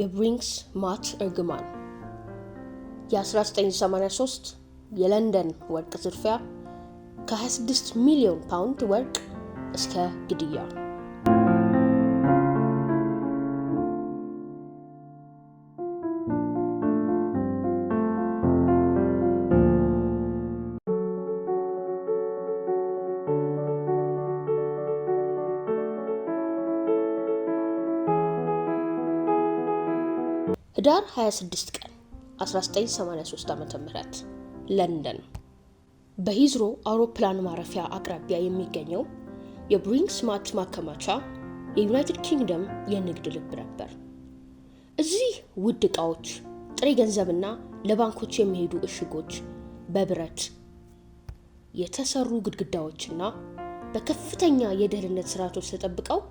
የብሪንክስ ማች እርግማን የ1983 የለንደን ወርቅ ዝርፊያ ከ26 ሚሊዮን ፓውንድ ወርቅ እስከ ግድያ ህዳር 26 ቀን 1983 ም ለንደን በሂዝሮ አውሮፕላን ማረፊያ አቅራቢያ የሚገኘው የብሪንግስ ማት ማከማቻ የዩናይትድ ኪንግደም የንግድ ልብ ነበር። እዚህ ውድ ዕቃዎች፣ ጥሬ ገንዘብና ለባንኮች የሚሄዱ እሽጎች በብረት የተሰሩ ግድግዳዎችና በከፍተኛ የደህንነት ስርዓቶች ተጠብቀው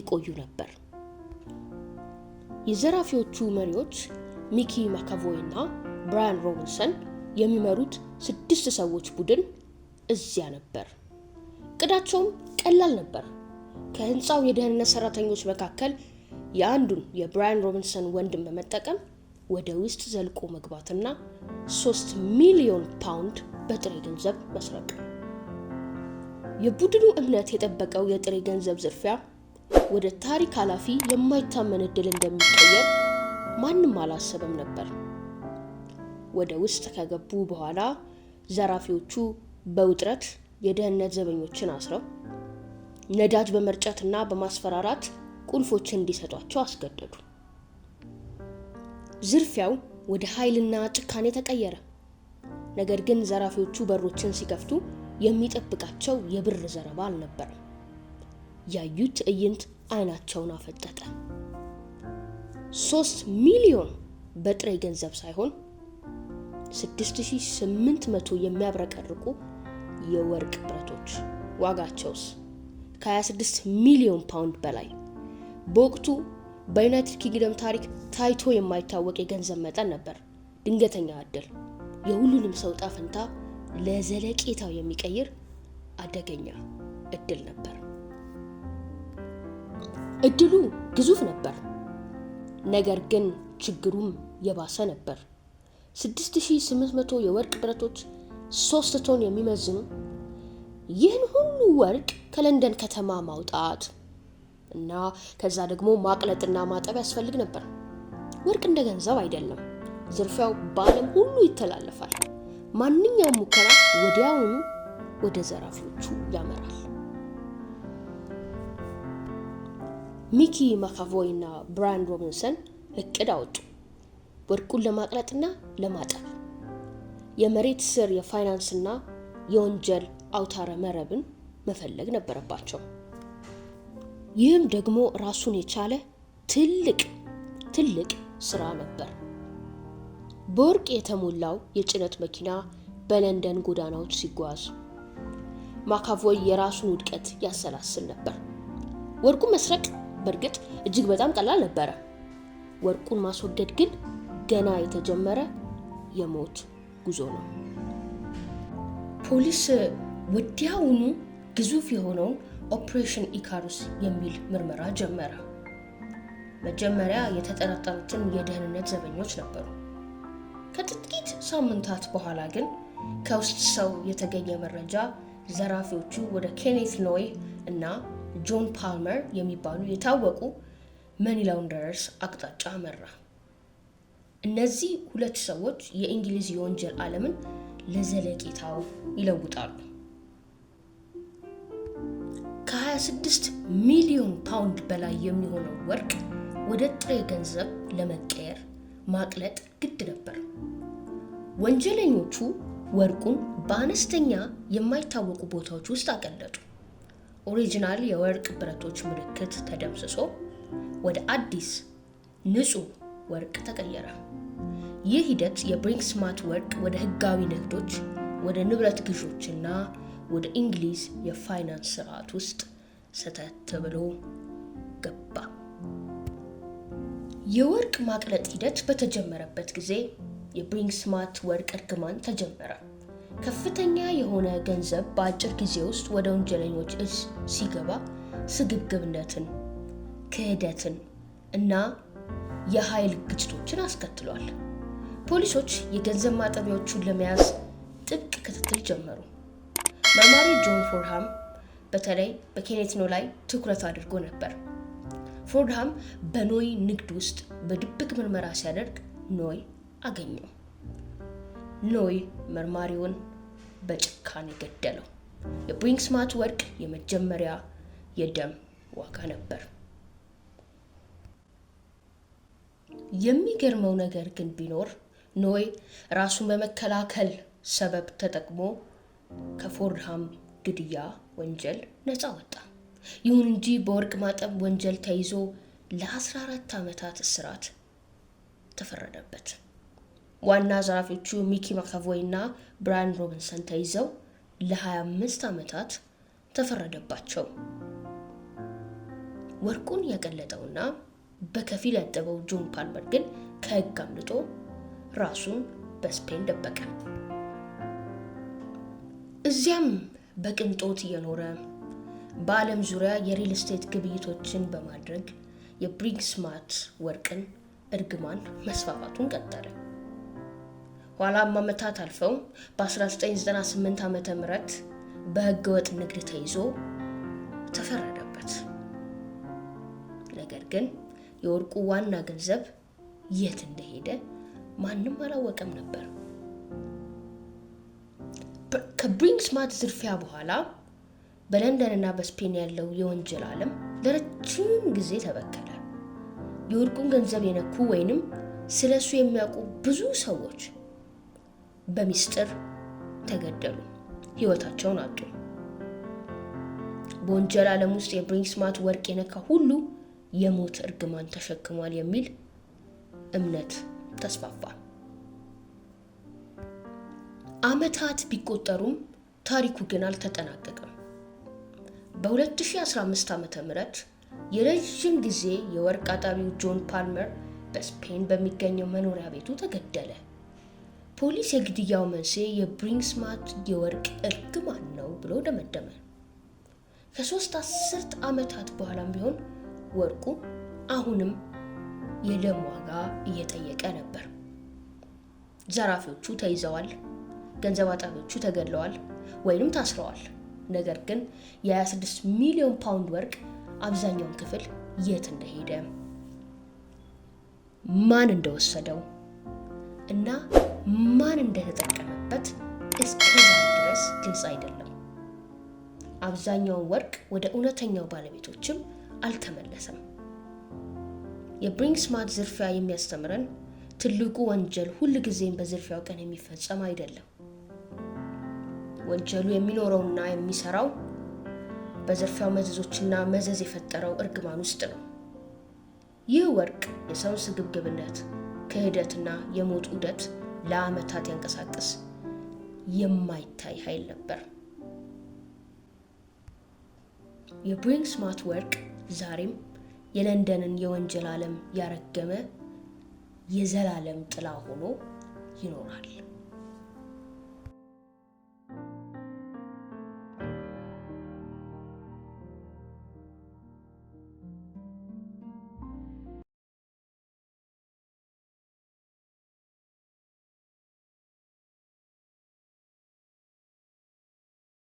ይቆዩ ነበር። የዘራፊዎቹ መሪዎች ሚኪ ማካቮይ እና ብራያን ሮቢንሰን የሚመሩት ስድስት ሰዎች ቡድን እዚያ ነበር። እቅዳቸውም ቀላል ነበር። ከህንፃው የደህንነት ሰራተኞች መካከል የአንዱን የብራያን ሮቢንሰን ወንድም በመጠቀም ወደ ውስጥ ዘልቆ መግባትና ሶስት ሚሊዮን ፓውንድ በጥሬ ገንዘብ መስረቅ። የቡድኑ እምነት የጠበቀው የጥሬ ገንዘብ ዝርፊያ ወደ ታሪክ ኃላፊ የማይታመን እድል እንደሚቀየር ማንም አላሰበም ነበር። ወደ ውስጥ ከገቡ በኋላ ዘራፊዎቹ በውጥረት የደህንነት ዘበኞችን አስረው ነዳጅ በመርጨትና በማስፈራራት ቁልፎችን እንዲሰጧቸው አስገደዱ። ዝርፊያው ወደ ኃይልና ጭካኔ ተቀየረ። ነገር ግን ዘራፊዎቹ በሮችን ሲከፍቱ የሚጠብቃቸው የብር ዘረባ አልነበረም። ያዩት ትዕይንት አይናቸውን አፈጠጠ። ሶስት ሚሊዮን በጥሬ ገንዘብ ሳይሆን 6800 የሚያብረቀርቁ የወርቅ ብረቶች ዋጋቸውስ ከ26 ሚሊዮን ፓውንድ በላይ በወቅቱ በዩናይትድ ኪንግደም ታሪክ ታይቶ የማይታወቅ የገንዘብ መጠን ነበር። ድንገተኛ እድል፣ የሁሉንም ሰው ጣፍንታ ለዘለቄታው የሚቀይር አደገኛ እድል ነበር። እድሉ ግዙፍ ነበር። ነገር ግን ችግሩም የባሰ ነበር። 6800 የወርቅ ብረቶች፣ ሶስት ቶን የሚመዝኑ ይህን ሁሉ ወርቅ ከለንደን ከተማ ማውጣት እና ከዛ ደግሞ ማቅለጥና ማጠብ ያስፈልግ ነበር። ወርቅ እንደ ገንዘብ አይደለም። ዝርፊያው በዓለም ሁሉ ይተላለፋል። ማንኛውም ሙከራ ወዲያውኑ ወደ ዘራፊዎቹ ያመራል። ሚኪ ማካቮይ እና ብራያን ሮቢንሰን እቅድ አወጡ፣ ወድቁን ለማቅለጥና ለማጠብ የመሬት ስር የፋይናንስና የወንጀል አውታረ መረብን መፈለግ ነበረባቸው። ይህም ደግሞ ራሱን የቻለ ትልቅ ትልቅ ስራ ነበር። በወርቅ የተሞላው የጭነት መኪና በለንደን ጎዳናዎች ሲጓዝ ማካቮይ የራሱን ውድቀት ያሰላስል ነበር። ወርቁ መስረቅ በእርግጥ እጅግ በጣም ቀላል ነበረ። ወርቁን ማስወገድ ግን ገና የተጀመረ የሞት ጉዞ ነው። ፖሊስ ወዲያውኑ ግዙፍ የሆነውን ኦፕሬሽን ኢካሩስ የሚል ምርመራ ጀመረ። መጀመሪያ የተጠረጠሩትን የደህንነት ዘበኞች ነበሩ። ከጥቂት ሳምንታት በኋላ ግን ከውስጥ ሰው የተገኘ መረጃ ዘራፊዎቹ ወደ ኬኔት ኖይ እና ጆን ፓልመር የሚባሉ የታወቁ መኒ ላውንደረርስ አቅጣጫ መራ። እነዚህ ሁለት ሰዎች የእንግሊዝ የወንጀል ዓለምን ለዘለቄታው ይለውጣሉ። ከ26 ሚሊዮን ፓውንድ በላይ የሚሆነው ወርቅ ወደ ጥሬ ገንዘብ ለመቀየር ማቅለጥ ግድ ነበር። ወንጀለኞቹ ወርቁን በአነስተኛ የማይታወቁ ቦታዎች ውስጥ አቀለጡ። ኦሪጂናል የወርቅ ብረቶች ምልክት ተደምስሶ ወደ አዲስ ንጹህ ወርቅ ተቀየረ። ይህ ሂደት የብሪንክስማት ወርቅ ወደ ህጋዊ ንግዶች፣ ወደ ንብረት ግዢዎችና ወደ እንግሊዝ የፋይናንስ ስርዓት ውስጥ ስተት ብሎ ገባ። የወርቅ ማቅለጥ ሂደት በተጀመረበት ጊዜ ስማት ወርቅ እርግማን ተጀመረ። ከፍተኛ የሆነ ገንዘብ በአጭር ጊዜ ውስጥ ወደ ወንጀለኞች እጅ ሲገባ ስግብግብነትን፣ ክህደትን እና የኃይል ግጭቶችን አስከትሏል። ፖሊሶች የገንዘብ ማጠቢያዎቹን ለመያዝ ጥብቅ ክትትል ጀመሩ። መርማሪ ጆን ፎርሃም በተለይ በኬኔትኖ ላይ ትኩረት አድርጎ ነበር። ፎርሃም በኖይ ንግድ ውስጥ በድብቅ ምርመራ ሲያደርግ ኖይ አገኘው። ሎይ መርማሪውን በጭካኔ ገደለው። የብሪንክስማት ወርቅ የመጀመሪያ የደም ዋጋ ነበር። የሚገርመው ነገር ግን ቢኖር ኖይ ራሱን በመከላከል ሰበብ ተጠቅሞ ከፎርድሃም ግድያ ወንጀል ነፃ ወጣ። ይሁን እንጂ በወርቅ ማጠብ ወንጀል ተይዞ ለ14 ዓመታት እስራት ተፈረደበት። ዋና ዘራፊዎቹ ሚኪ ማካቮይ እና ብራያን ሮቢንሰን ተይዘው ለ25 ዓመታት ተፈረደባቸው። ወርቁን ያቀለጠውና በከፊል ያጠበው ጆን ፓልመር ግን ከህግ አምልጦ ራሱን በስፔን ደበቀ። እዚያም በቅንጦት እየኖረ በዓለም ዙሪያ የሪል ስቴት ግብይቶችን በማድረግ የብሪንክስማት ወርቅን እርግማን መስፋፋቱን ቀጠለ። ኋላም ዓመታት አልፈው በ1998 ዓ ም በሕገ ወጥ ንግድ ተይዞ ተፈረደበት። ነገር ግን የወርቁ ዋና ገንዘብ የት እንደሄደ ማንም አላወቀም ነበር። ከብሪንክስማት ዝርፊያ በኋላ በለንደንና በስፔን ያለው የወንጀል ዓለም ለረጅም ጊዜ ተበከለ። የወርቁን ገንዘብ የነኩ ወይንም ስለ እሱ የሚያውቁ ብዙ ሰዎች በሚስጥር ተገደሉ፣ ህይወታቸውን አጡ። በወንጀል ዓለም ውስጥ የብሪንክስማት ወርቅ የነካ ሁሉ የሞት እርግማን ተሸክሟል የሚል እምነት ተስፋፋ። ዓመታት ቢቆጠሩም ታሪኩ ግን አልተጠናቀቀም። በ2015 ዓ ም የረዥም ጊዜ የወርቅ አጣቢው ጆን ፓልመር በስፔን በሚገኘው መኖሪያ ቤቱ ተገደለ። ፖሊስ የግድያው መንስኤ የብሪንግስማት የወርቅ እርግማን ነው ብሎ ደመደመ። ከሶስት አስርት ዓመታት በኋላም ቢሆን ወርቁ አሁንም የደም ዋጋ እየጠየቀ ነበር። ዘራፊዎቹ ተይዘዋል፣ ገንዘብ አጣቢዎቹ ተገድለዋል ወይንም ታስረዋል። ነገር ግን የ26 ሚሊዮን ፓውንድ ወርቅ አብዛኛውን ክፍል የት እንደሄደ ማን እንደወሰደው እና ማን እንደተጠቀመበት እስከዛ ድረስ ግልጽ አይደለም። አብዛኛው ወርቅ ወደ እውነተኛው ባለቤቶችም አልተመለሰም። የብሪንክስማት ዝርፊያ የሚያስተምረን ትልቁ ወንጀል ጊዜም በዝርፊያው ቀን የሚፈጸም አይደለም። ወንጀሉ የሚኖረውና የሚሰራው በዝርፊያው መዘዞችና መዘዝ የፈጠረው እርግማን ውስጥ ነው። ይህ ወርቅ የሰውን ስግብግብነት ክህደትና የሞት ዑደት ለዓመታት ያንቀሳቅስ የማይታይ ኃይል ነበር። የብሪንግ ስማት ወርቅ ዛሬም የለንደንን የወንጀል ዓለም ያረገመ የዘላለም ጥላ ሆኖ ይኖራል።